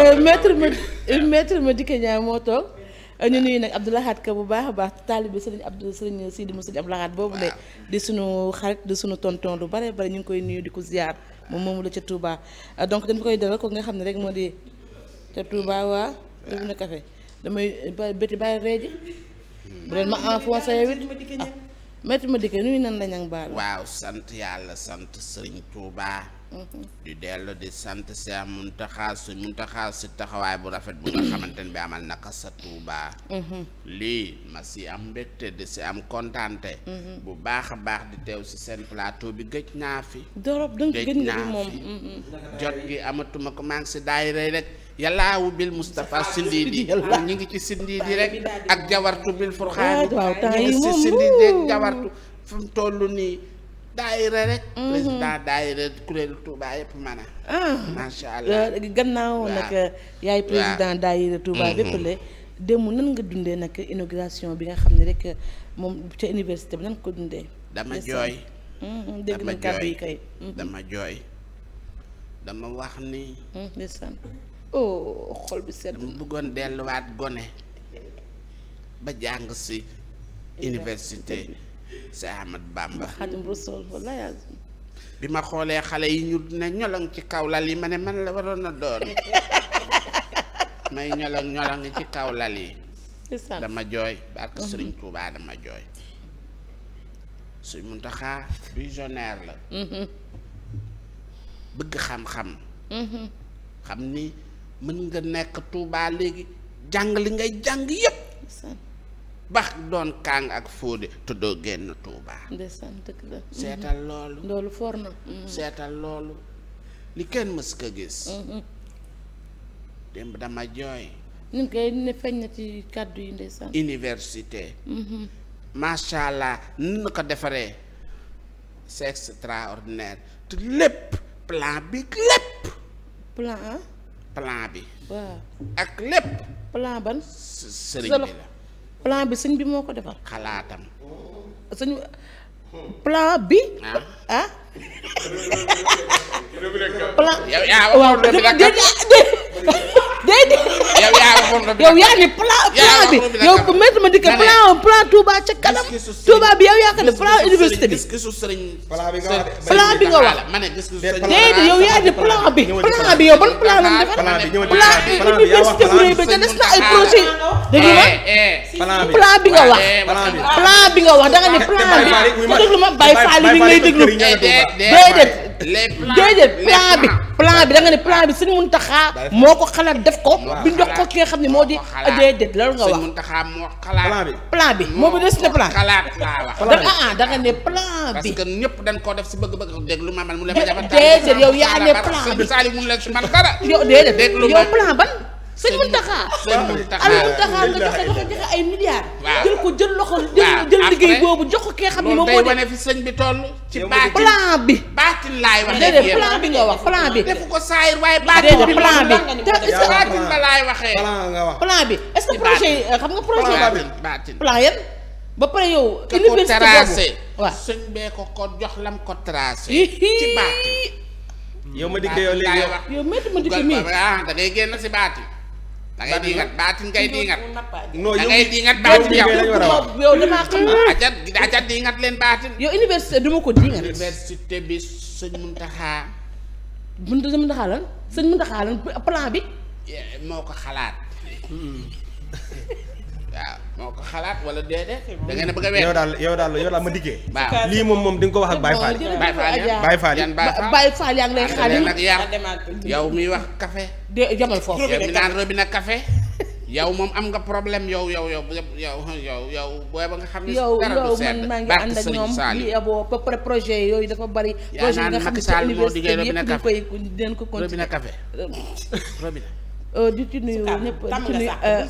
Euh, maître ma euh, maître ma dikke ñaa moo toog ñu nuyu nag Abdou Lahad Ka bu baax a baax taalibe sëriñ Abdou sëriñ Sidi Moussa Abdou Lahad boobu de di sunu xarit di sunu tonton lu bare bare ñu ngi koy nuyu di ko ziar moom moomu la ca Touba euh, donc dañ koy dalal ko nga xam ne rek moo di ca Touba waa def na café damay béti bàyyi reeji bu leen ma enfoncé yow it ah, maître ma dikke nuyu nan la ñang baal waaw sant yàlla sant sëriñ Touba di dellu di sant Cheikh Mountakha su Mountakha si taxawaay bu rafet bu nga xamante ne bi amal naka sa Touba. lii ma si am mbégte di si am kontaante. bu baax a baax di teew si seen plateau bi gëj naa fi. dorop dëgg jot gi amatuma ko maa ngi si daayira rek. yàllaawu bil Moustapha Sindidi ñu ngi ci Sindidi rek ak jawartu bil Furxaani ah, ñu ngi si Sindidi ak jawartu fi mu nii. daayira rek. Mhm. président daayira kuréelu Touba yëpp a. Ah. macha allah gannaaw nag. Euh, yaay président daayira Touba mhm. bépp la. démb nan nga dundee nag inauguration bi nga xam ne rek euh, moom ca université bi nan ko dundee. dama jooy. Mhm, dégg yi kay. dama jooy dama wax ni. ndeysaan oh xol bi sedd. dama bëggoon delluwaat gone ba jàng si université. si Ahmad Bamba. bi ma xoolee xale yi ñu ne ñolong ci kaw lal yi ma ne man la waroon a doon may ñolong ñolong ci kaw lal yi. dama jooy barke mhm. Sëriñ Tuubaa dama jooy. Sëriñ Muntaxa visionnaire la. Mhm. bëgg xam-xam. Mhm. xam ni mën nga nekk Tuubaa léegi jàng li ngay jàng yépp. bax doon kàng ak fóode te doo génn Touba. ndeysaan dëgg la. Mm-hmm. seetal loolu. loolu for na. Mm-hmm. seetal loolu li kenn mës ko gis. Mm-hmm. démb dama jooy. ñun kay ne feeñ na ci kàddu yi ndeysaan. université. macha allah nu ko defaree. c'est extraordinaire te lépp plan bi lépp. plan plan bi. waaw ak lépp. plan ban. sëriñ bi la. plan bi sëñ bi moo ko defar xalaatam sëñ plan bi ah, ah. plan yow yaa plan plan bi yow maître ma dikkee plan plan Touba ca kanam Touba bi yow yaa ko def plan université bi plan bi nga wax déedéet eh, yow yaa ni plan bi plan bi yow ban plan la defar plan université bu rëy ba ca des na ay projet dégg nga plan bi nga wax eh, eh, plan bi nga wax da nga ne plan bi te déglu ma Baye Fall mi ngi lay déglu déedéet plan bi plan bi da nga ne plan bi sëñ Muntaxa moo ko xalaat def ko bi jox ko ki xam ne moo di déedéet loolu nga wax sëñ Muntaxa moo xalaat plan bi moo bi des na plan xalaat laa wax da nga ah, ah da nga ne plan bi parce koo def si bëgg-bëgg déglu ma man mu la ma jabar déedéet yow yaa ne plan bi la si man dara yow déedéet yow plan ban sëñ Muntaxa sëñ Muntaxa al Muntaxa nga joxe joxe ay milliards. jël ko jël loxo jël jël liggéey boobu jox ko kee xam moo wane fi sëñ bi toll. ci baatin plan bi. baatin laay wax déedéet nga wax plan bi. defu ko saayir waaye baatin bi plan bi te est que baatin ba laay waxee. plan nga wax plan bi est projet ba pare yow. université sëñ bee ko ko jox lam ko tracé. ci baatin yow ma dikkee yow léegi yow yow métti ma dikkee mii ah, da génn si baatin da ngay diingat baatin ngay diingat. non yow da ngay diingat baatin yow. yow damaa xam ne. acat acat diingat leen baatin. yow université duma ko diingat. université bi sëñ Muntaxa. Muntaxa lan sëñ Muntaxa lan plan bi. moo ko xalaat. Hmm. waaw moo ko xalaat wala déedéet. da ngeen a bëgg a wér. yow daal yow daal yow daal ma dikkee. waaw lii moom moom di nga ko wax ak Baye Fall. Baye Fall yan Baye Fall yan Baye Fall yaa ngi lay xaalim. yow miy wax café. de jamal foofu yow mi naan robinet café. yow moom am nga problème yow yow yow yow yow yow booy ba nga xam ne. yow yow man maa ngi ànd ak ñoom li yaboo ba pare projet yooyu dafa bari. projet yi nga xam ne ci université yëpp di koy dinañ ko continuer robinet café robinet Euh, di ci nuyu ñëpp di ci nuyu euh,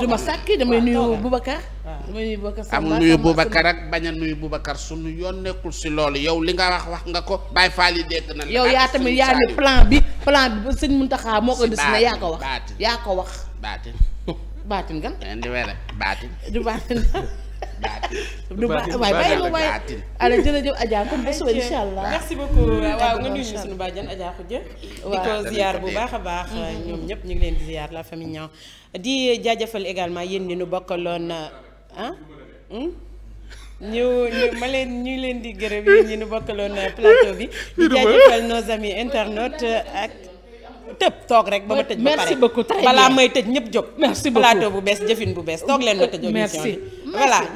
du ma sàkki damay nuyu Boubacar. damay nuyu Boubacar Samba amul nuyu Boubacar ak bañ a nuyu Boubacar sunu yoon nekkul si loolu yow li nga wax wax nga ko Baye Fall yi dégg na. yow yaa tamit yaa ni plan bi plan bi sëñ Mountakha moo ko dessiné yaa ko wax. yaa ko wax baatin baatin gan. du ba waay bàyyi ma waay ala jërëjëf Adja kon ba suba incha allah merci beaucoup waaw nga nuyu ñu suñu bàjjan Adja Khoudia di ko ziar bu baax a baax mm-hmm. ñoom ñëpp ñu ngi leen di ziar la famille di jaajëfal également yéen ñi nu bokkaloon ah hmm? ñu ñu ma leen ñu leen di gërëm yéen ñi nu bokkaloon euh, plateau bi di jaajëfal nos amis euh, ak tëb toog rek ba ma tëj ma pare merci beaucoup balaa may tëj ñëpp jóg plateau bu bees jëfin bu bees toog leen ma tëj émission bi voilà